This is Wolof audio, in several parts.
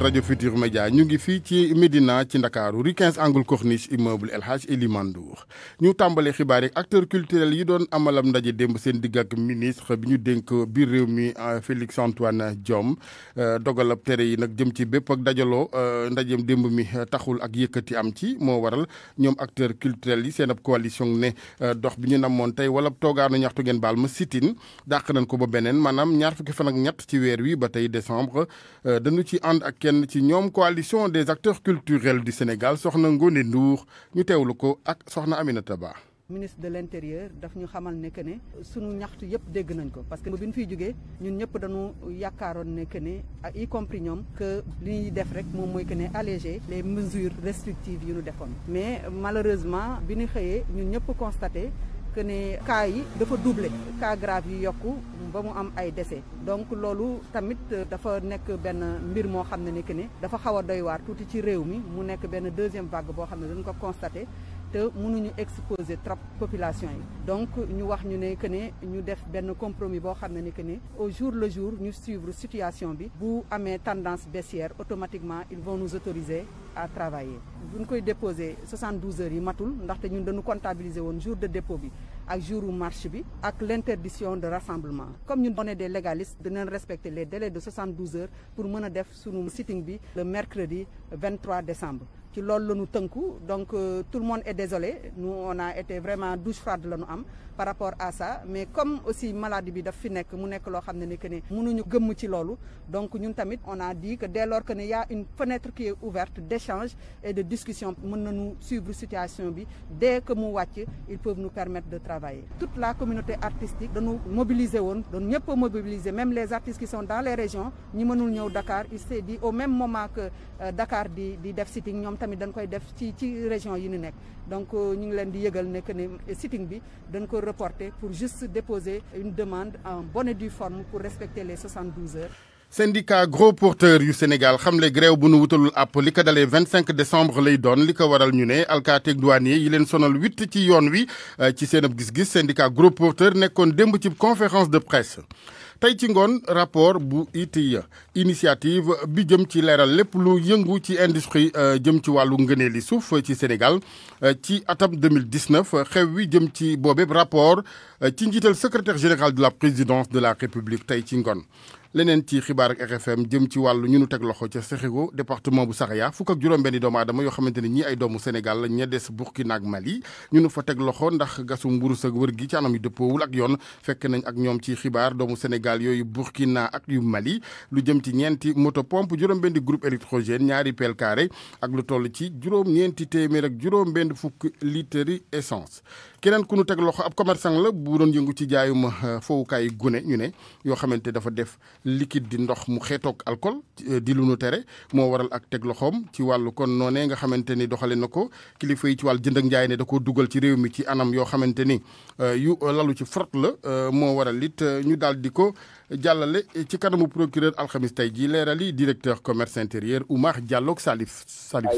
Radio Futur Media ñu ngi fi ci medina ci dakar rue 15 angle corniche immeuble El Hadj ñu tambalé xibaar yi acteur culturel yi doon amalam ndaje demb seen digg ak ministre bi ñu dénk biir réew mi euh, Félix Antoine Diome euh, dogalab tere yi nag jëm ci bépp ak dajalo euh, ndajem demb mi taxul ak yëkkati am ci moo waral ñoom acteur culturel yi seen ab coalition ne dox bi ñu namoon tey wala toogaanu ñaxtu ngeen baal ma sitin dàq nañ ko ba beneen maanaam ñaar fukki fan ak ñett ci weer wi ba tey décembre dañu ci ànd ak kenn ci ñoom coalition des acteurs culturels du Sénégal soxna ngone Ndour ñu teewlu ko ak soxna Aminata Ba. ministre de l'intérieur daf ñu xamal ne que ne suñu ñaxtu yépp dégg nañ ko parce que bu ñu fiy jógee ñun ñëpp dañu yakaron ne que ne ah, y compris ñom que li ñi def rek mom moy que ne alléger les mesures restrictives yu ñu defoon mais malheureusement bi ñu xëyee ñun ñëpp constaté que ne cas yi dafa doublé cas grave yi yokku ba mu am ay décès donc loolu tamit dafa nek ben mbir mo xamné ne que ne dafa xaw doy war touti ci réew mi mu nekk deuxième vague bo xamné dañ ko constater nous avons exposer la population donc nous avons compromis au jour le jour suivons la situation bi bu une tendance baissière automatiquement ils vont nous autoriser à travailler Nous déposer 72 heures nous matul comptabilisé ñun comptabiliser jour de dépôt le jour où marche bi l'interdiction de rassemblement comme nous avons des légalistes nous respecter les délais de 72 heures pour nous faire def sunu sitting le mercredi 23 décembre donc euh, tout le monde est désolé nous on a été vraiment douche froide la par rapport à ça mais comme aussi maladie de daf fi nekk mu donc tamit on a dit que dès lors qu'il y a une fenêtre qui est ouverte d'échange et de discussion nous nañu suivre situation dès que mu wàcc ils peuvent nous permettre de travailler toute la communauté artistique dañu mobiliser woon nous pouvons mobiliser même les artistes qui sont dans les régions ñi mënul ñëw Dakar il s'est dit au même moment que euh, Dakar di di def sitting on tamit dañ koy def région donc nous avons dit que sitting bi reporter pour juste déposer une demande en bonne et due forme pour respecter les 72 heures. syndicat gros porteur du Sénégal le grève bu nu wutalul àpp li 25 décembre lay li waral douanier yi len sonal 8 ci euh, syndicat gros porteur demb ci conférence de presse tay ci rapport bu iti initiative bi jëm ci leral lepp lu yëngu ci industrie euh, jëm ci walu souf ci Sénégal euh, ci atam 2019 xew wi jëm ci rapport euh, ci secrétaire général de la présidence de la République tay ci leneen ci xibaar ak RFM jëm ci wàllu ñu nu teg loxo ca département bu Saraya fukk ak juróom-benni doomu aadama yoo ni ay doomu Sénégal la ña des Burkina ak Mali ñu nu fa teg loxo ndax gasu mburus ak wër gi ci anam yu dëppoowul ak yoon fekk nañ ak ci doomu Sénégal yooyu Burkina ak yu Mali lu jëm ci ñeenti moto pompe groupe électrogène ñaari pel carré ak lu toll ci juróom-ñeenti téeméer ak juróom essence keneen ku nu teg loxo ab commerçant la bu doon yëngu ci jaayum euh, fowukaay gune ñu ne yoo xamante dafa def liquide di ndox mu xeetoog alcool euh, di lu nu tere moo waral ak teg loxoom ci wàllu kon noonee nga xamante ni doxale na ko kilifa yi ci wàll jënd ak njaay ne da koo dugal ci réew mi ci anam yoo xamante ni euh, yu lalu ci frot la moo waral it ñu daal di ko jàllale ci kanamu procureur alxamis tey jii leeral yi directeur commerce intérieur Oumar jàllook ak Salif Salif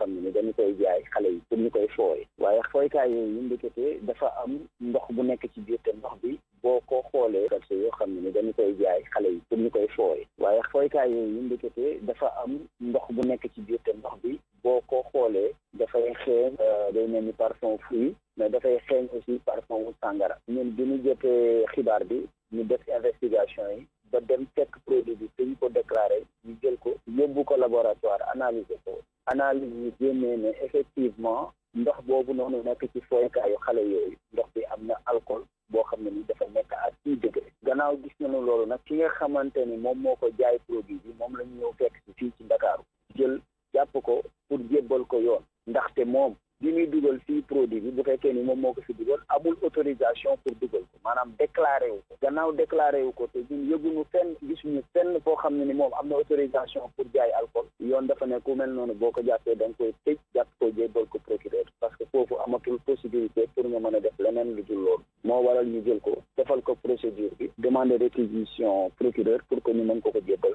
xam ne ni dañu koy jaay xale yi pour ñu koy fooye waaye fooykaay yooyu ndekete dafa am ndox bu nekk ci biir te ndox bi boo ko xoolee garse yoo xam ne ni dañu koy jaay xale yi pour ñu koy fooye waaye fooykaay yooyu ndekete dafa am ndox bu nekk ci biir te bi boo ko xoolee dafay xeeñ euh, day mel ni parfum fruit mais dafay xeeñ aussi parfum wu sàngara ñun bi ñu jotee xibaar bi ñu def investigation yi ba dem fekk produit bi te ñu ko déclaré ñu jël ko yóbbu ko laboratoire analyser ko analyser ne ne effectivement ndox boobu noonu nekk ci fooykaayu xale yooyu ndox bi am na alcool boo xam ne ni dafa nekk à six degré gannaaw gis nañu loolu nag ki nga xamante ni moom moo ko jaay produit bi moom la ñëw fekk si fii ci Dakar jël jàpp ko pour jébbal ko yoon ndaxte moom dimi muy dugal si produit bi bu fekkee ni moom moo ko si dugal amul autorisation pour dugal ko maanaam déclaré wu ko gannaaw déclaré wu ko te ñun yëguñu fenn gisuñu fenn foo xam ne ni moom am na autorisation pour jaay alcool yoon dafa ne ku mel noonu boo ko jàppee da nga koy tëj jàpp ko jébbal ko procureur parce que foofu amatul possibilité pour nga mën a def leneen lu dul loolu moo waral ñu jël ko defal ko procédure bi demander réquisition procureur pour que ñu mën ko ko jébbal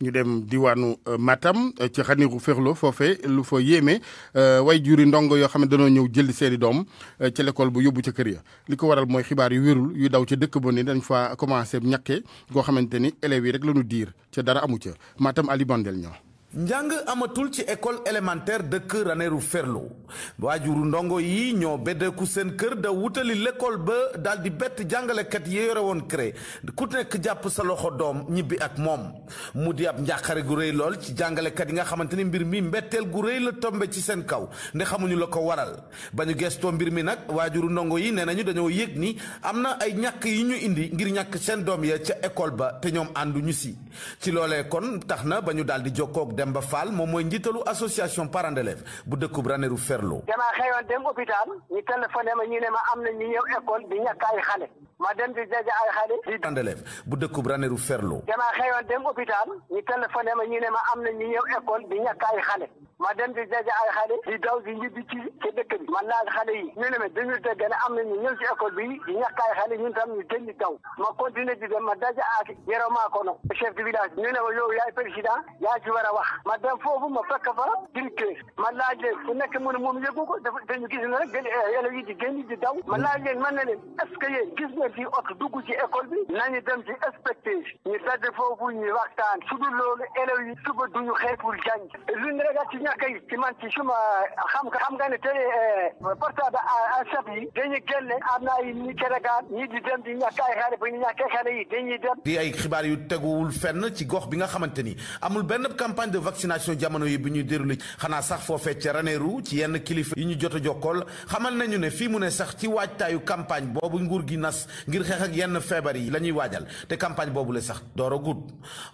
ñu dem diwaanu euh, Matam euh, ci xaniru féexlo foofe lu fo yéeme euh, way juri ndongo yoo xam ne danoo ñëw jëli seeni doom ca l'école bu yóbbu ca kër ya li ko waral mooy xibaar yu wérul yu daw ca dëkk ba ni dañ fa commencé ñakke goo xamante ni élèves yi rek lañu diir ca dara amu ca Matam Ali ñoo njàng amatul ci école élémentaire dëkk Ranérou Ferlo waajuru ndongo yi ñoo beddeeku seen kër daw wutali l'école ba daal di bett jàngalekat yi yore woon cré ku nekk jàpp sa loxo doom ñibbi ak moom mu di ab njàqare gu rëy lool ci jàngalekat yi nga xamante ni mbir mi mbetteel gu rëy la tombe ci seen kaw nde xamuñu la ko waral ba ñu gestoo mbir mi nag waajuru ndongo yi nee nañu dañoo yëg ni am na ay ñàkk yi ñu indi ngir ñàkk seen doom ya ca école ba te ñoom ànduñu si ci loolee kon tax na ba ñu daal di jokkoog Demba Fall moom mooy njiitalu association parents d'élèves bu dëkkub Ranérou Ferlo. damaa xëyoon dem hôpital ñu téléphoné ma ñu a ma am na ñu ñëw école di ñàkk xale ma dem di daje ay xale di d'élève bu dëkkub Ranérou Ferlo damaa xëyoon dem hôpital ñu ma na ñu ñëw école di daw di ñibbi ci ci dëkk bi ma laaj xale yi ñu ne ma dañu dëgg ne am na ñu ñëw ci école bi di ñàkk ay xale ñun tam ñu gën di daw ma continué di dem ma daje ak Yoro Makono de village ñu ne ma yow yaay président yaa ci war a wax ma dem foofu ma fekk fa directeur ma laaj leen ku nekk mu ne moom yëgu ko dañu gis ne rek gën daw ma laaj leen man na leen est gis nga dem ci oto dugg ci école bi nañu dem ci inspecteur ñu tëdd foofu ñu waxtaan su dul loolu élèves yi suba duñu xëy pour jàng luñ rek ci ñàkk yi ci man ci suma xam xam nga ne tey euh, portable a chef yi dañuy génne am na ay ñi keregaan ñi di dem di ñàkk ay xale bu ñu ñàkkee xale yi dañuy dem di ay xibaar yu teguwul fenn ci gox bi nga xamante ni amul benn campagne de vaccination jamono yi bu ñuy déroulé xanaa sax foofee ca Ranérou ci yenn kilifa yi ñu jot jokkool xamal nañu ne fii mu ne sax ci waajtaayu campagne boobu nguur gi nas ngir xeex ak yenn feebar yi la ñuy waajal te campagne boobu la sax door gudd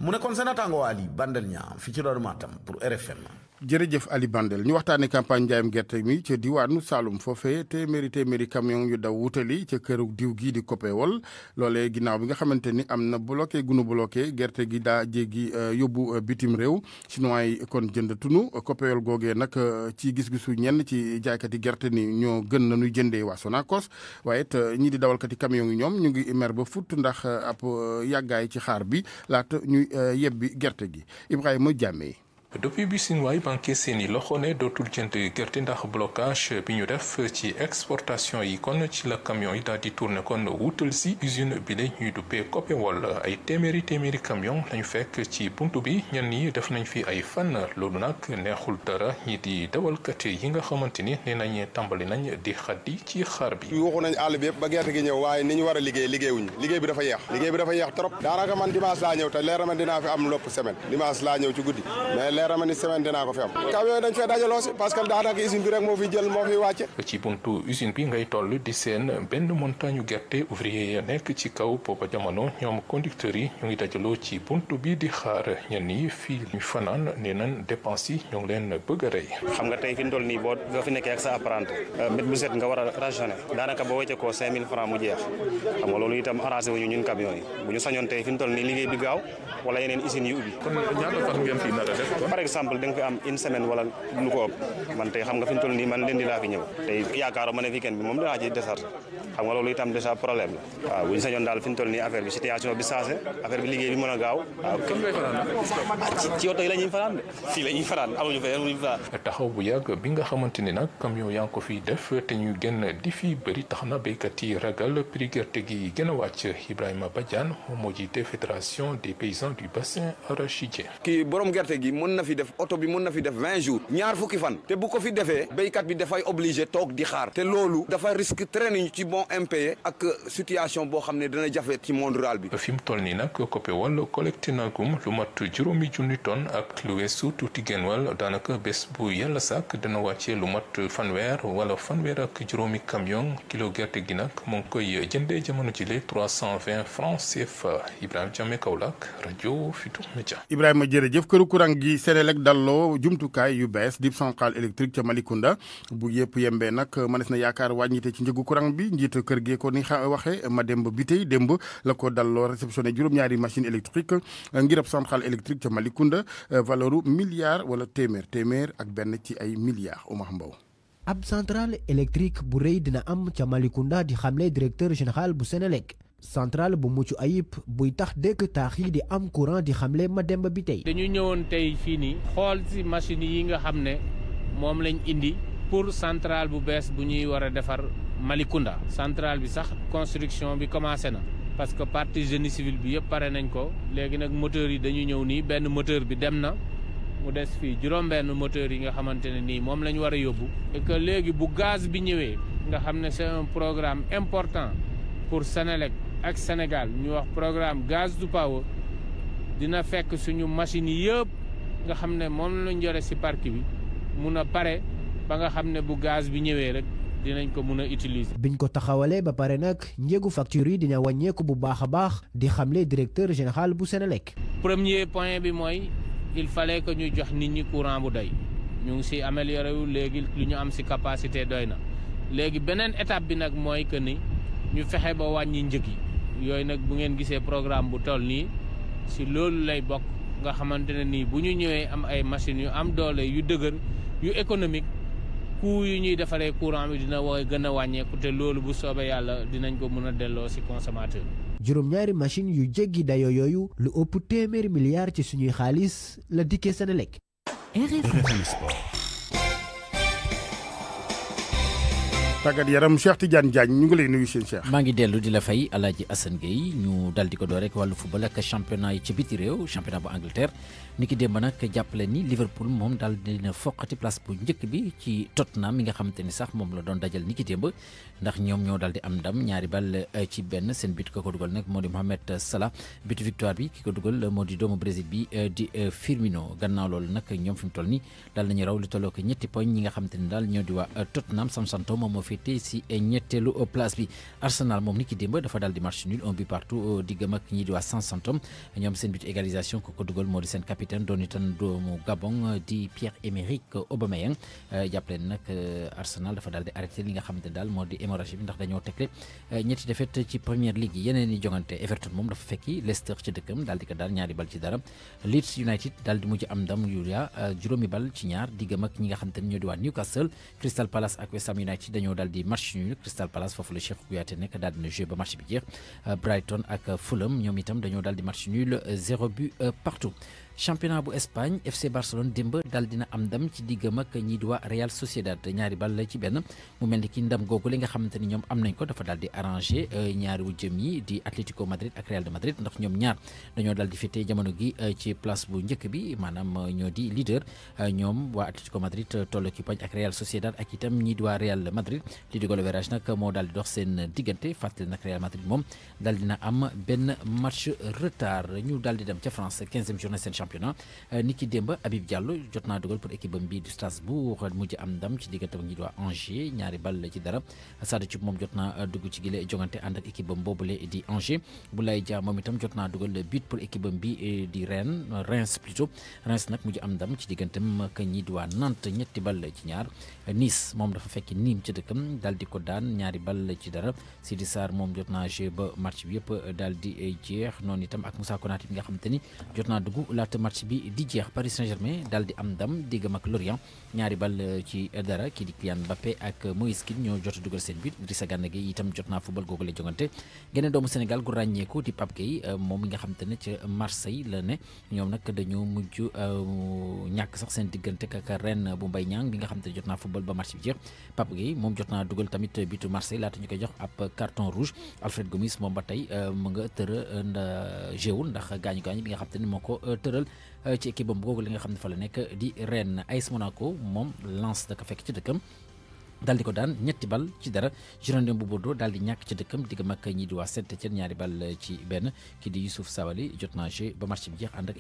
mu nekkoon sa naataango Aliou Bandel ñaa fi ci loolu Matam pour RFM jërëjëf Ali Bandel ñu waxtaanee campagne njaayam gerte mi ca diwaanu Saloum foofee téeméeri téeméeri camion yu daw wutali ca këru diw gi di Copéol loolee ginnaaw bi nga xamante ni am na bloqué gunu bloqué gerte gi daa jéggi euh, yóbbu euh, bitim réew chinois yi kon jënd tunu Copéol googee nag euh, ci gis-gisu ñenn ci jaaykati gerte ni ñoo gën na nañu jëndee waa Sonacos waaye it ñii di dawalkati camion yi ñoom ñu ngi mer ba fut ndax ab yàggaay ci xaar bi laata ñuy yebbi gerte gi Ibrahima Diame. depuis bi Sinoa yi banque loxo ne dootul jënd gerte ndax blocage bi ñu def ci exportation yi kon ci la kamion yi daal di tourné kon wutal si usine bi la ñuy duppee Copéwol ay téeméeri téeméeri camion lañu fekk ci buntu bi ñenn ñi def nañ fi ay fan loolu nag neexul dara ñi di dawalkat yi nga xamante ni nee nañ tàmbali nañ di xaddi ci xaar bi. waxu nañ àll bi yëpp ba gerte gi ñëw waaye ni ñu war a liggéey liggéeyuñu liggéey bi dafa yeex liggéey bi dafa yeex trop. daanaka man dimanche laa ñëw te leer na dinaa fi am semaine dimanche laa ñëw ci guddi leer ma ni semaine dinaa ko fi am kaw yooyu dañ fee dajaloo si parce que daanaka usine bi rek moo fi jël moo fi wàcce ci buntu usine bi ngay toll di seen benn montagne gerte ouvrier ya nekk ci kaw booba jamono ñoom conducteur yi ñu ngi dajaloo ci buntu bi di xaar ñenn yi fii ñu fanaan nee nan dépense yi ñu ngi leen bëgg a rey xam nga tey fi toll nii boo nga fi nekkee ak sa apprenti euh, bit bu set nga war a rationné daanaka boo wecce ko 5000 francs mu jeex xam nga loolu itam arrangé wuñu ñun camion yi bu ñu sañoon tey fi toll nii liggéey bi gaaw wala yeneen usine yu ubbi kon ñaata fan ngeen fi nar a def par exemple da fi am une semaine wala lu ko man tay xam nga fiñ ñu toll man leen di la fi ñew tay yaakaaro mané ne fi kenn bi mom danaa ci décharge xam nga lolu itam déjà problème la waaw bu ñu sañoon daal fi ñu affaire bi situation bi changé affaire bi liggéey bi mën a gaaw waaw kan ah, ci oto yi la ñuy fanaan de fii la ñuy fanaan amuñu fa amuñu fa taxaw bu yàgg bi nga xamanteni nak nag camion yaa ngi ko fiy def té ñu genn di fi bëri tax na yi ragal prix gerte gi gën wacc Ibrahima Badiane moo jiite fédération des paysans du bassin arachidien ki borom gerté gi mëna fi def auto bi mën na fi def 20 jours ñaar fukki fan te bu ko fi defee béykat bi fay obligé tok di xaar te loolu dafa risque très ci bon impayé ak situation bo xamné dana jafé ci monde rural bi. fi mu toll nii nag COPEOL collecté na gum lu mat juróomi junni tonnes ak lu weesu tuti genwal daanaka bes bu yalla sak dana wàcce lu mat fanweer wala fanwer ak juromi camion kilo gerte gi nak mu ngi koy jëndé jamono ci trois 320 francs CFA Ibrahima Diame Kaolack radio Futurs média Ibrahima jërëjëf këru kurang gi tere dalloo jumtukaay yu bees di centrale électrique ca malikunda bu yëpp yembee nag mënees na yaakaar wàññite ci njëgu courant bi njiitu kër gee ko ni xa waxee Mademba Bitèye démb la ko dalloo réceptionné juróom machine électrique ngir centrale électrique ca malikunda euh, valeuru milliard wala téeméer téeméer ak benn ci ay milliards Oumar mbaw ab centrale électrique bu rëy dina am ca malikunda di xamle directeur général bu Central bu muccu ayib buy tax dekk tax yi di am courant di xamlé ma demb bi tay dañu ñëwoon tay fi ni xol si machine yi nga xamné mom lañ indi pour central bu bes bu ñuy wara défar defar central bi sax construction bi commencé na parce que partie génie civil bi yépp paré nañ ko légui nak moteur yi dañu ñëw ni benn moteur bi dem na. mu dess fi juroom benn moteur yi nga xamante ni mom lañ wara yobbu et que légui bu gaz bi ñëwé nga xamné c'est un programme important pour Senelec ak Sénégal ñu wax programme gaz du power dina fekk suñu machines yëpp nga xam ne moom lañ jore si parc bi mun a pare ba nga xam ne bu gaz bi ñëwee rek dinañ ko mun a utiliser. biñ ko taxawalee ba pare nag njëgu facture yi dina wàññeeku bu baax a baax di xamle directeur général bu Sénélec. premier point bi mooy il fallait que ñu jox nit ñi courant bu doy ñu ngi ci amélioré wu léegi lu ñu am si capacité doy na léegi beneen étape bi nag mooy que ni ñu fexe ba wàññi njëg yi. yooyu nag bu ngeen gisee programme bu toll nii si loolu lay bokk nga xamante ne nii bu ñu ñëwee am ay machines yu am doole yu dëgër yu économique coût yu ñuy defaree courant bi dina woy gën a wàññeeku te loolu bu soobee yàlla dinañ ko mën a delloo si consommateur juróom-ñaari machine yu jéggi dayo yooyu lu ëpp téeméeri milliards ci suñuy xaalis la dikkee Senelec. RFM tàggat yaram Cheikh Tidiane Diagne ñu ngi lay nuyu seen maa ngi dellu di la fay Alaaji Assane Gueye ñu dal di ko door rek wàllu football ak championnat yi ci biti réew championnat bu Angleterre. niki ki nak nag ni Liverpool mom dal dina foqati place bu njëkk bi ci Tottenham mi nga xamanteni sax mom la doon dajal niki ki ndax ñom ñoo daal di am ndam ñaari bal eh, ci benn seen bit ko ko dugal nak modi Mohamed Salah but victoire bi kiko ko dugal moo di Brésil bi eh, di eh, Firmino gannaaw lol nak ñom fi mu toll nii daal nañu raw li tolloo ko ñetti poñ ñi nga xamanteni dal ñoo di wa Tottenham Sam Santo moom moo féetee si ñetteelu place bi Arsenal mom niki ki dafa dal di match nul un but partout diggam ak ñi di wa Sam Santo seen bitu égalisation ko ko dugal modi seen capitaine capitaine Donitan itam Gabon di Pierre-Emerick Aubameyang eh, jàpp leen eh, Arsenal dafa daldi di arrêté li nga xamné dal daal moo hémorragie ndax dañoo tegle eh, ñetti défaite ci première ligue yi yeneen Everton mom dafa fekki Leicester ci dëkkam daldi di ko ñaari bal ci dara Leeds United daldi mu ci am ndam Yulia juroomi bal ci ñaar diggam ak ñi nga xamné ñoo di waa Newcastle Crystal Palace ak West Ham United dañoo daldi match nul Crystal Palace fofu le chef Kouyaté nek daldi ne joué ba match bi jeex Brighton ak Fulham ñoom itam dañoo daldi match nul zéro but partout championnat bu Espagne FC Barcelone démb dal dina am ndam ci diggam ak ñii di waa Real Sociedad ñaari bal la ci benn mu mel ni ki ndam googu li nga xamante ni ñoom am nañ ko dafa daal di arrangé euh, ñaari wu jëm yi di Atlético Madrid ak Real de Madrid ndax ñoom ñaar dañoo daal di féetee jamono gi euh, ci place bu njëkk bi maanaam euh, ñoo di leader ñoom waa Atlético Madrid tollu ci poñ ak Real Sociedad ak itam ñii di waa Real Madrid li di goal average nag moo daal di dox seen diggante fàttali nag Real Madrid moom daal am benn match retard ñu dem ca France 15 championnat euh, ni ki démb Habib Diallo jot naa dugal pour équipe am bii du Strasbourg mujj am ndam ci diggante ak ñi waa Angers ñaari bal naa euh, dugg bi euh, di Rennes Reims plutôt Reims nag mujj am ndam ci digganteem ak ñi di waa Nantes ñetti ci ñaar moom dafa fekk niim ci dëkkam daal di ko daan ñaari bal ci dara Sidi Sarr moom jot naa joué ba match bi yëpp daal di jeex noonu itam ak Moussa Konaté bi nga xamante ni jot naa dugg laata laata match bi di jeex Paris Saint-Germain daal di am ndam diggam ak Lorient ñaari bal euh, ci dara kii di Kylian Mbappé ak euh, Moïse Kine ñoo jot a dugal seen but Idrissa Gana Gueye itam jot naa football googu la jongante geneen doomu Sénégal gu ràññeeku di Pape euh, moom nag dañoo mujj ñàkk sax seen diggante ak Rennes bu Mbaye Niang bi nga xam ne jot naa football ba match bi jeex Pape Gueye moom jot naa dugal tamit bitu Marseille laata ñu koy jox ab carton rouge Alfred Gomis moom ba tey mu nga tëra nda jéewul ndax gaañu gaañu bi nga xam te moo ko tëral dugal euh, ci équipe bam googu li nga xam ne fa la nekk di reen na AS Monaco moom lance da fekk ci dëkkam daal di ko daan ñetti bal ci dara Girondin bu Bordeaux daal di ñàkk ci dëkkam digg mag ñi di waa Saint-Étienne ñaari bal ci benn kii di Youssouf Sabaly jot bi jeex ànd ak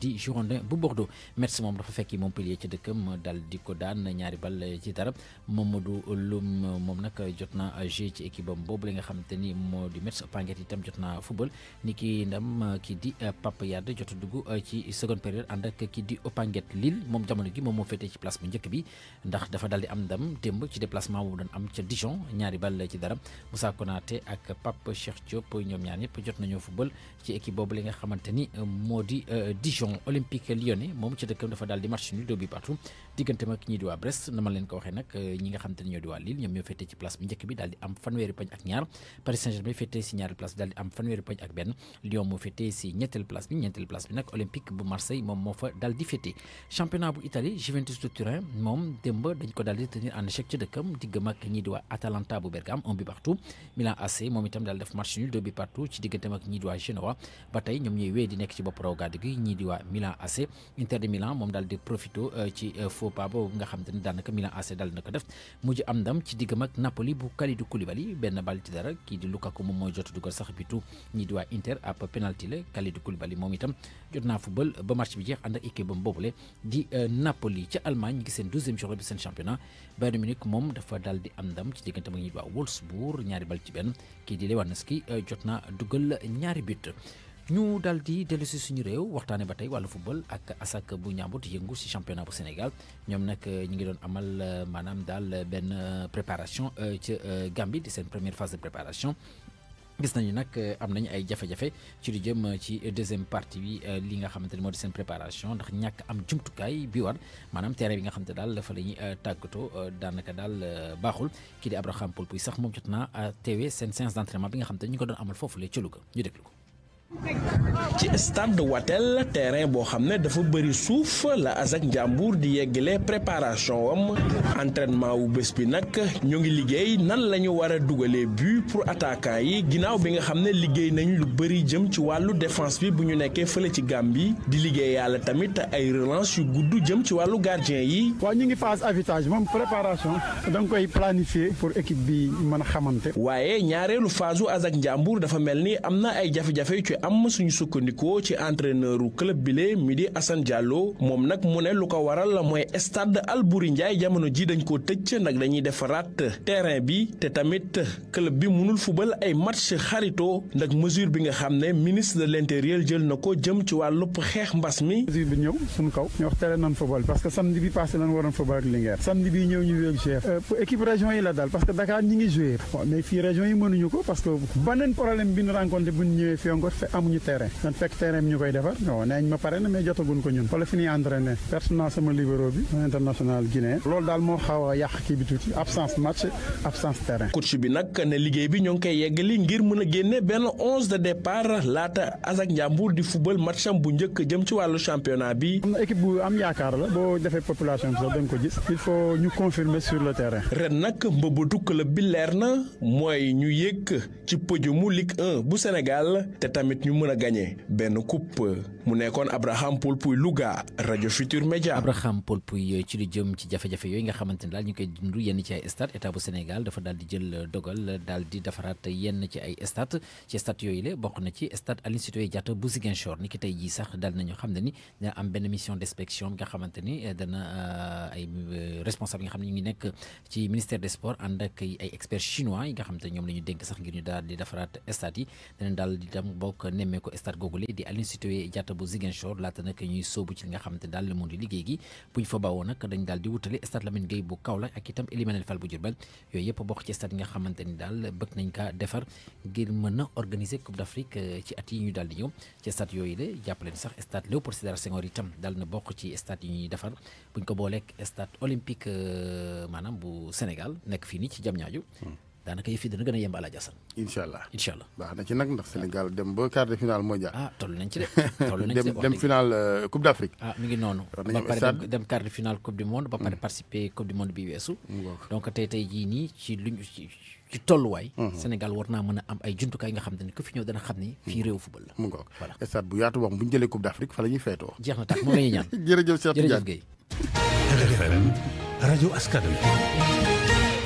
di Girondin bu Bordeaux Metz moom dafa fekki Montpellier ci dëkkam daal di ko daan ñaari bal ci dara Mamadou Loum moom nag jot na jeu ci équipe bam boobule nga xam te ni moo di Metz Panguet tam jot na football ni ki ndam kii di Pape Yade jot a dugg ci seconde période ànd ak kii di Panguet Lille moom jamono gi moom moo féetee ci place bu njëkk bi ndax dafa daal démb ci déplacement bu mu doon am ci Dijon ñaari balle ci dara Moussa Konaté ak Pape Cheikh Diop ñom ñaar ñëpp jot nañoo football ci équipe bobu li nga xamanteni euh, modi euh, Dijon Olympique Lyonnais mom ci dëkkum dafa daal di match ñu deux buts partout diggante mag ñi di wa Brest na ma leen ko waxé nak euh, ñi nga xamanteni ni ñoo di wa Lille ñom ñoo fété ci place bi njëkk bi daal di am fanwéri poñ ak ñaar Paris Saint-Germain fété ci ñaar place bi di am fanwéri poñ ak ben Lyon moo fété ci ñetteelu place bi ñetteelu place bi nak Olympique bu Marseille mom mo fa daal di féetee championnat bu Italie Juventus de Turin mom demba dañ ko daal di tenir en échec ci dëkkam diggam ak ñii di waa Atalanta bu Bergame un but partout Milan AC moom itam daal def match nul deux buts partout ci digganteem ak ñii di waa Genoa ba tey ñoom ñooy wéy di nekk ci bopp raw gi ñii di waa Milan AC Inter de Milan moom daal di profito euh, ci euh, faux pas boobu nga xam te ne daanaka Milan AC daal dina ko def mujj am ndam ci diggam ak Napoli bu Kalidou Koulibaly benn bal dara kii di Lukaku moom mooy jot di waa Inter bi jeex Munich moom dafa dal di am ndam ci diggante ak ñi waa Wolfsburg ñaari bal ci benn kii di Lewandowski eh, jot na dugal ñaari but. ñu dal di dellu si suñu réew waxtaane ba tey wàllu football ak asak bu ñaambut yëngu si championnat bu senegal ñoom nag eh, ñu ngi doon amal eh, maanaam daal benn préparation ca Gambie di seen première phase de préparation gis nañu nag euh, am nañu ay jafe-jafe ci lu jëm euh, ci deuxième partie bi euh, li nga xamante ne moo di seen préparation ndax ñàkk am jumtukaay bi war maanaam tere bi nga xamante daal dafa la ñuy tàggatoo daanaka daal baaxul kii di Abraham Poulpuy sax moom jot naa teewee seen séance d'entraînement bi nga xamante ne ñu ko doon amal foofu la ci Louga ñu déglu ko. ci stade Wattel terrain boo xam ne dafa bëri suuf la Azac Ndiambour di yeggalee préparation am entraînement wu bés bi nag ñoo ngi liggéey nan la ñu war a dugalee but pour attaquant yi ginnaaw bi nga xam ne liggéey nañ lu bëri jëm ci wàllu défense bi bu ñu nekkee fële ci bi di liggéey yàlla tamit ay relance yu gudd jëm ci wàllu gardien yi. waaw ñu ngi phase avitage moom préparation da koy planifier pour équipe bi mën a xamante. waaye ñaareelu phase u Azac dafa mel ni am na ay jafe am suñu sukkandikoo ci entraîneur club bi midi di Assane Diallo moom nag mu ne lu ko waral la mooy stade Albouri Ndiaye jamono ji dañ ko tëj nag dañuy defaraat terrain bi te tamit club bi mënul fubal ay match xaritoo ndax mesure bi nga xam ne ministre de l'intérieur jël na ko jëm ci wàllub xeex mbas mi. mesure bi ñëw suñ kaw ñu wax tere nañ parce que samedi bi passé nañ waroon football ak Linguère samedi bi ñëw ñu wéeg chef euh, pour équipe région yi la dal parce que Dakar ñi ngi joué mais fii région yi mënuñu ko parce que beneen problème bi ñu rencontré bu ñu ñëwee fii encore amuñu terrain man fekk terrain bi ñu koy defar non neeñ ma pare na mais jotagun ko ñun wala fi ñuy entraîné personnel sama libéraux bi international guinéen loolu daal moo xaw a yàq kii bi tuuti absence match absence terrain coach bi nag ne liggéey bi ñoo ngi koy yeggali ngir mën a génne benn onze de départ laata Azak Ndiambour di football matcham bu njëkk jëm ci wàllu championnat bi am na équipe bu am yaakaar la boo defee population bi sax da nga ko gis il faut ñu confirmer le terrain ren nag mbëbëtu club bi leer na mooy ñu yëg ci podiumu Ligue 1 bu Sénégal tamit Nous le a gagné, ben nous coupe. Euh, mu nekkoon Abraham Paul Puy Louga rajo Futur Média. Abraham Paul ci lu jëm ci jafe-jafe yooyu nga xamante daal ñu koy dund yenn ci ay stade état bu Sénégal dafa daal di jël dogal daal di defaraat yenn ci ay stade ci yooyu la bokk na ci stade Aline Sitoé Diatta bu Ziguinchor ni ki tey jii sax daal nañu xam ne ni dina am benn mission d'inspection nga xamante ni eh, dana eh, ay eh, responsable nga xam ne ñu ngi nekk ci ministère de sports ànd ak ay experts chinois yi nga xamante ne ñoom la ñu dénk sax ngir ñu daal di defaraat stade yi danañ daal di dem bu Ziguinchor laata nag ñuy sóobu ci li nga xamante ne daal moo di liggéey gi buñ fa bawoo nag dañ daal di wutali stade Lamine Gueye bu Kaolack ak itam Elimanel Fall bu Diourbel yooyu yëpp bokk ci stade yi nga xamante daal bëgg nañ kaa defar ngir mën na organiser Coupe d'Afrique euh, ci at yi ñu daal di ñëw ci stade yooyu la jàppaleen sax stade Léopold Sédar Senghor itam daal na bokk ci stade yi ñuy defar buñ ko booleek stade olympique euh, maanaam bu Sénégal nekk fii nii ci Diamniadio hmm. daanaka yëf yi dana gën a yemb Alaaji Asan incha allah incha allah baax na ci nag ndax Sénégal dem ba quart de finale mondial ah toll nañ ci de toll nañ ci dem finale euh, coupe d'Afrique ah mi ngi noonu ba pare dem quart de finale coupe du monde ba pare mm. participer coupe du monde bi weesu donc tey tey jii nii ci luñu ci tolluwaay mm-hmm. Sénégal war naa mën a am ay jumtukaay nga xam ne ku fi ñëw dana xam ni fii mm-hmm. réew football la mu ngoog voilà stade bu yaatu wax bu ñu jëlee coupe d'Afrique fa la ñuy feetoo jeex na tax moom la ñuy ñaan jërëjëf Cheikh Tidiane jërëjëf Guèye RFM rajo askan wi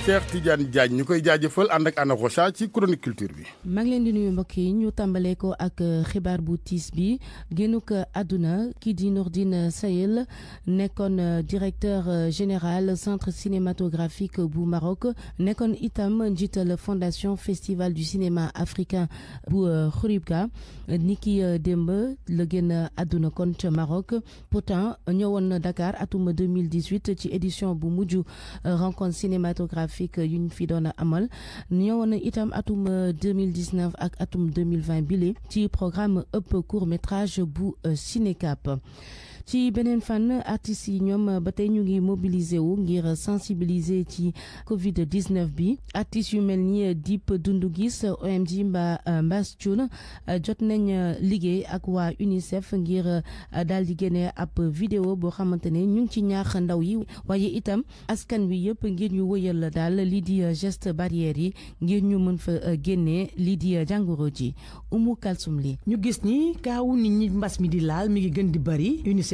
Cheikh Tidiane Diagne ñu koy jaajëfal ànd ak Anna Rocha ci chronique culture bi. mag leen di nuyu mbokk yi ñu tambalé ko ak euh, xibaar bu bi génnuk aduna euh, ki di Nordine Sayel nekkoon euh, directeur général centre cinématographique bu Maroc nekkoon itam njiital fondation festival du cinéma africain bu Khouribga niki Dembe, le génn aduna kon Maroc pourtant ñewon na Dakar atum 2018 ci édition bu muju rencontre cinématographique fik yuñ fi doon amal ñëwoon na itam atum 2019 euh, ak atum 2020 bile ci programme ëpp court métrage bu euh, Cinécap ci beneen fànn artistes yi ñom batay ñu ngi mobiliser wu ngir sensibiliser ci Covid 19 bi artistes yu melni deep dundugis OMG mba euh, Mbass euh, jot nañ euh, liggéey ak wa UNICEF ngir dal di ap vidéo bo xamantene ñu ci ñaax ndaw yi waye itam askan wi yëpp ngir ñu wëyal dal li di geste barrière yi ngir ñu mën fa génnee li di jàngoro Umu Kalsum li ñu gis ni kaawu nit ñi mbass mi di laal mi ngi gën di bari UNICEF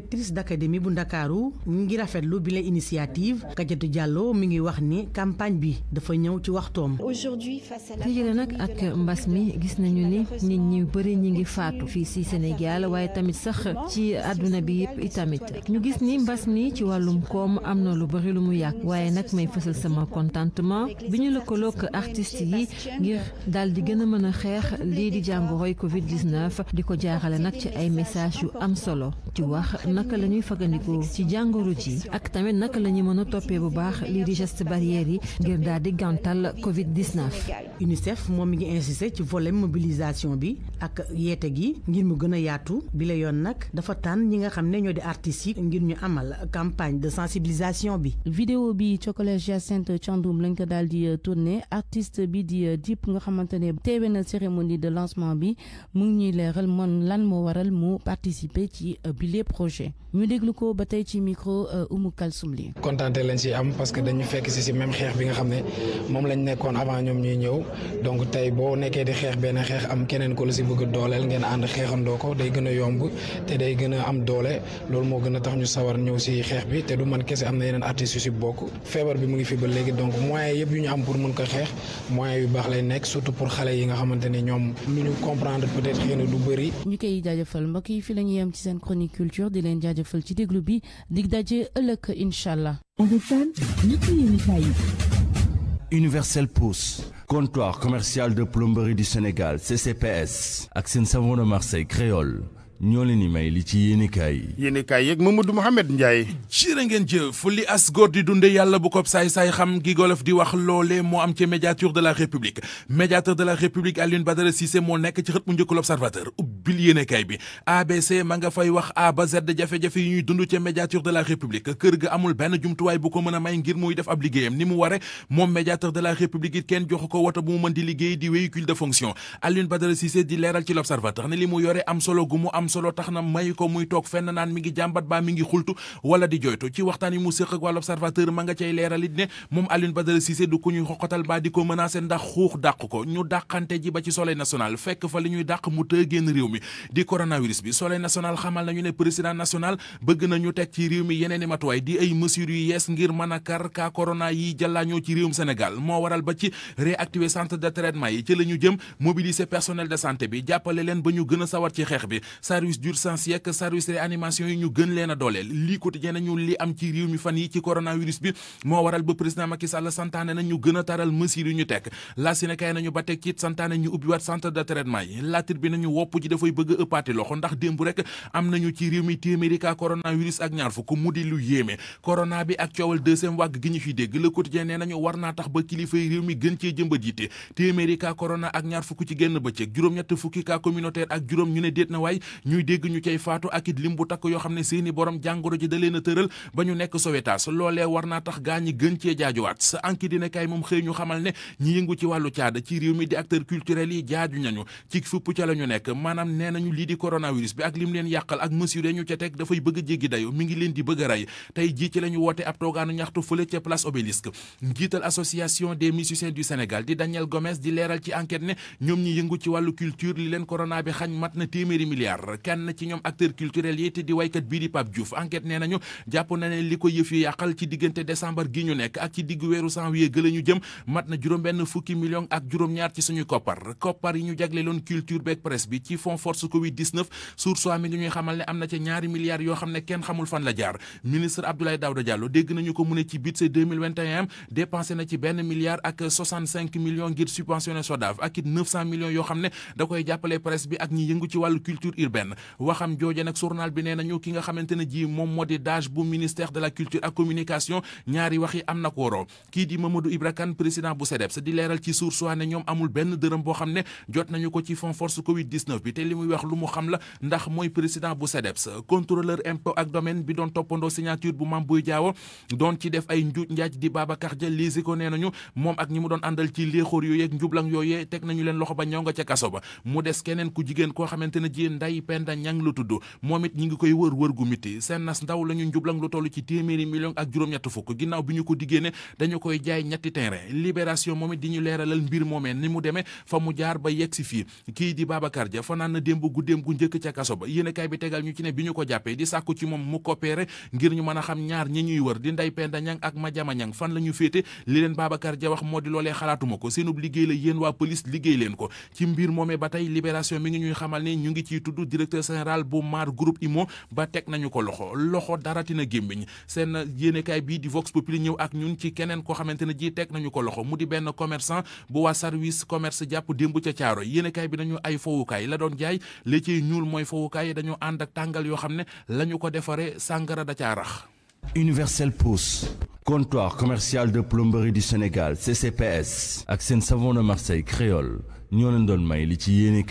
inspectrice d'académie bu ndakaaru ñu ngi rafetlu bi la initiative Kadiatou jàlloo mi ngi wax ni campagne bi dafa ñëw ci waxtoom tëjële ak mbas mi gis nañu ni nit ñi bëri ñi ngi faatu fii si Sénégal waaye tamit sax ci àdduna bi yëpp tamit ñu gis ni mbas mi ci wàllum koom am na lu bëri lu mu yàgg waaye nag may fësal sama kontantement bi ñu lëkkaloog artistes yi ngir daal di gën a mën a xeex lii di jàngoroy Covid 19 di ko jaaxale nag ci ay message yu am solo ci wax naka lañuy ñuy ci jangoru ji ak tamit naka lañuy mëna topé bu baax li di geste barrière yi ngir daal di gantal Covid 19. UNICEF moom mi ngi insisté ci volet mobilisation bi ak yeete gi ngir mu gën a yaatu bi la yoon nag dafa tànn ñi nga xam ne ñoo di artistes yi ngir ñu amal campagne de sensibilisation bi. vidéo bi Cokolé Jacinthe Thiandoum lañ ko daal di euh, tourné artiste bi di euh, Dip nga xamante ne teewe na cérémonie de lancement bi mu ngi ñuy leeral moom lan moo waral mu participer ci bi euh, bile projet marché ñu déglu ko ci micro euh, Oumou Kalsoum li kontaante lañ ci am parce que dañu fekk ci ci même xeex bi nga xamné mom lañ nekkoon avant ñom ñuy ñëw donc tay bo nekkee di xeex benn xeex am keneen ko la si bëgg dolel ngeen and xeexandoo ko day gëna yomb té day gëna am doole loolu mo gëna tax ñu sawar ñëw ci xeex bi té du man kese am na yeneen artiste ci bokk feebar bi mu ngi fi ba légui donc moyens yëpp yu ñu am pour mën ko xeex moyens yu bax lay nekk surtout pour xalé yi nga xamante ne ñoom lu ñu comprendre peut-être xëy du bëri ñu koy jajeufal mbokk yi fi la ñuy yem ci sen chronique culture di universelle Universel Pousse comptoir commercial de plomberie du Sénégal CCPS ak savon de Marseille créole. ñoo leen di may li ci yéenekaay yi. yéenekaay yeeg Mamadou Mouhamed Ndiaye. ciire ngeen jëf li as góor di dunde yàlla bu ko saay-saay xam gi golof di wax loolee moo am ci médiature de la république médiateur de la république Alioune Badara Cissé moo nekk ci xët mu njëkk l'observateur ubbil yéenekaay bi ABC ma nga fay wax A ba Z jafe-jafe yi ñuy dund ci médiature de la république kër ga amul benn jumtuwaay bu ko mën a may ngir muy def ab liggéeyam ni mu war moom médiateur de la république it kenn joxu ko woto bu mu di liggéey di véhicule de fonction Alioune Badara Cissé di leeral li mu yore am solo gu mu am solo tax na mayu ko muy toog fenn naan mi ngi jàmbat baa mi ngi xultu wala di joytu ci waxtaan yi mu séq ak wàllu ma nga cay leeralit ne moom Alioune Badara Cissé du ku ñuy xoqatal baa di ko menacé ndax xuux dàq ko ñu dàqante ji ba ci soleil national fekk fa li ñuy dàq mu tëë génn réew mi di coronavirus bi soleil national xamal nañu ne président national bëgg nañu teg ci réew mi yeneen i matuwaay di ay mesures yu yees ngir mën a kar ka corona yi jàllaañoo ci réewum Sénégal moo waral ba ci réactiver centre de yi la ñu jëm mobiliser personnel de santé bi jàppale leen ba ñu gën a sawar ci service d'urgence yeek service réanimation yi ñu gën leen a dooleel lii quotidien nañu li am ci réew mi fan yi ci coronavirus bi moo waral ba président Macky Sall santaane nañu gën a taral mesures yu ñu tekk la sinekaay nañu ba teg ci santaane ñu ubbiwaat centre de traitement yi laatir bi nañu wopp ji dafay bëgg a ëppaati loxo ndax démb rek am nañu ci réew mi téeméeri cas coronavirus ak ñaar fukk mu di lu yéeme corona bi ak coowal deuxième vague gi ñu fi dégg le quotidien nee nañu war naa tax ba kilifay réew mi gën cee jëmbat yitte téeméeri cas ak ñaar fukk ci genn bëccëg juróom-ñett fukki cas communautaire ak juróom ñu ne ñuy dégg ñu cay faatu ak it lim bu takk yoo xam ne seeni borom jàngoro ji da leen a tëral ba ñu nekk sowetaas loolee war naa tax gaa ñi gën cee jaajuwaat sa anki dina kay moom xëy ñu xamal ne ñi yëngu ci wàllu caada ci réew mi di acteur culturel yi jaaju nañu ci fupp ca la ñu nekk maanaam nee nañu lii di coronavirus bi ak lim leen yàqal ak mesure ñu ca teg dafay bëgg a jéggi dayo mi ngi leen di bëgg a rey tey jii ci la ñu woote ab toogaanu ñaxtu fële ca place obélisque njiital association des musiciens Sénégal di Daniel Gomes di leeral ci enquête ne ñoom ñi yëngu ci wàllu culture li leen corona bi xañ mat na téeméeri milliards kenn ci ñoom acteur culturel yi te di waykat bii di Pape Diouf enquête jàpp na ne li ko yëf yi yàqal ci diggante décembre gi ñu nekk ak ci diggu weeru janvier gëla ñu jëm mat na juróom-benn fukki million ak juróom-ñaar ci suñu koppar koppar yi ñu jagleeloon culture beeg presse bi ci fond force covid 19 source mi ngi ñuy xamal ne am na ca ñaari milliards yoo xam ne kenn xamul fan la jaar ministre Abdoulaye Daouda Diallo dégg nañu ko mu ne ci budget 2021 ne da koy jàppale presse urbaine waxam jooje nag journal bi nee nañu ki nga xamante ne ji moom moo di DAGE bu ministère de la culture ak communication ñaari wax yi am na kooro kii di Mamadou Ibra Kane président bu CDEPS di leeral ci suur soi ne ñoom amul benn dërëm boo xam ne jot nañu ko ci fond force Covid 19 bi te li muy wax lu mu xam la ndax mooy président bu CDEPS contrôleur impôt ak domaine bi doon toppandoo signature bu Mame Boye Diao doon ci def ay njuuj njaaj di Babacar Dia ko nee nañu moom ak ñi mu doon àndal ci léexóor yooyu ak njublang yooyu teg nañu leen loxo ba ñoo nga ca kaso ba mu des ku jigéen koo xamante ne ji nday Penda Ñang la tudd moom it ñi ngi koy wër wër gu miti seen nas ndaw la ñu njublang lu toll ci téeméeri million ak juróom-ñett fukk ginnaaw bi ñu ko diggée ne dañu koy jaay ñetti terrain libération moom it di ñu leeralal mbir moomee ni mu demee fa mu jaar ba yegg si fii kii di Babacar fanaan na démb gu démb gu njëkk ca kaso ba yéenekaay bi tegal ñu ci ne bi ñu ko jàppee di sàkku ci moom mu coopéré ngir ñu mën a xam ñaar ñi ñuy wër di Ndeye Penda Ñang la la yéen waa police liggéey leen ko ci mbir moomee ba directeur général bu Mar groupe Imo ba tek nañu ko loxo loxo daratina sen yene kay bi di Vox Populi ñew ak ñun ci kenen ko xamante ji tek nañu ko loxo mudi ben commerçant bu wa service commerce jàpp démb ca yene kay bi nañu ay fowukaay la doon jaay li ci ñuul mooy fowukaay dañu and ak tangal yo xamne lañu ko défaré sangara da ca rax Universel Pousse comptoir commercial de plomberie du Sénégal CCPS ak sen savon de Marseille créole ñoo leen doon may li ci yi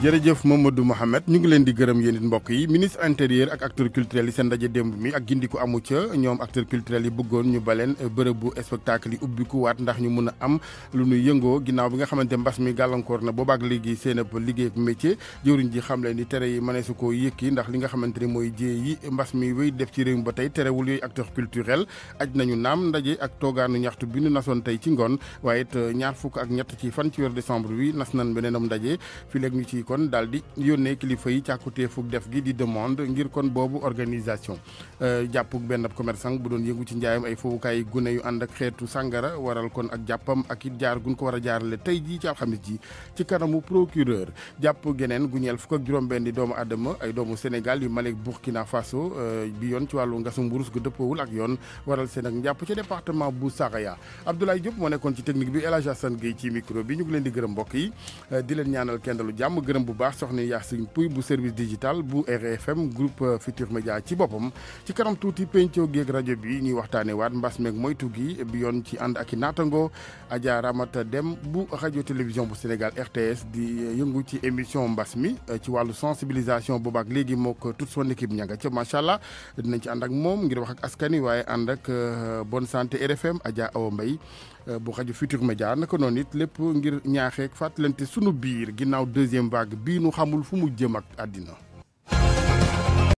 jërëjëf Mamadou Mohamed ñu ngi leen di gërëm yéen it mbokk yi ministre intérieur ak acteur culturel yi seen ndaje démb mi ak gindiku amu ca ñoom acteur culturel yi bëggoon ñu baleen bu spectacle yi ubbiku waat ndax ñu mun a am lu ñu yëngoo ginnaaw bi nga xamante mbas mi gàllankoor na boobaak léegi seen ab liggéey ak métier jëwriñ ji xam leen ni tere yi mëneesu koo yëkki ndax li nga xamante ne mooy jiyee yi mbas mi wéy def ci réew ba tey terewul yooyu acteur culturel aj nañu naam ndaje ak toogaanu ñaxtu bi ñu nasoon tey ci ngoon waaye it ñaar fukk ak ñett ci fan ci weer décembre wi nas nan beneenam ndaje fi léegi ñu ci kon daldi yone kilifa yi fuk def gi di demande ngir kon bobu organisation euh, japp ben commerçant bu doon yëngu ci njaayam ay kay gune yu and ak xetu sangara waral kon ak jappam ak it jaar guñ ko wara a jaarale tay ji ci alxamis ji ci kanamu procureur japp genen gu ñeel ak juroom ben di doomu adama ay doomu senegal yu Mali Burkina Faso euh, bi yon ci walu ngasum burus gu deppowul ak yon waral sen ak japp ci département bu Saraya Abdoulaye Diop moo nekkoon ci technique bi elage Hadj Assane ci micro bi ñu ngi leen di gërëm mbokk yi euh, di leen ñaanal kendalu jamm gërëm bu baax soxna Yacine Pouy bu service digital bu RFM groupe euh, Futur Média ci boppam ci kanam tuuti pencoo géeg rajo bi ñuy waxtaane waat mbas meeg moytu gi bi yoon ci ànd ak i naatango Adja Ramata Dem bu rajo télévision bu Sénégal RTS di euh, yëngu ci émission mbas mi euh, ci wàllu sensibilisation boobaak léegi moo ko toute son équipe ñanga ca macha allah dinañ ci ànd moom ngir wax ak askan wi waaye ànd ak bonne santé RFM Adja Awa mbay Euh, bu xaju Futur Média naka noon it lépp ngir ñaaxeek fàttalante sunu biir ginnaaw deuxième vague bii nu xamul fu mu jëm ak àddina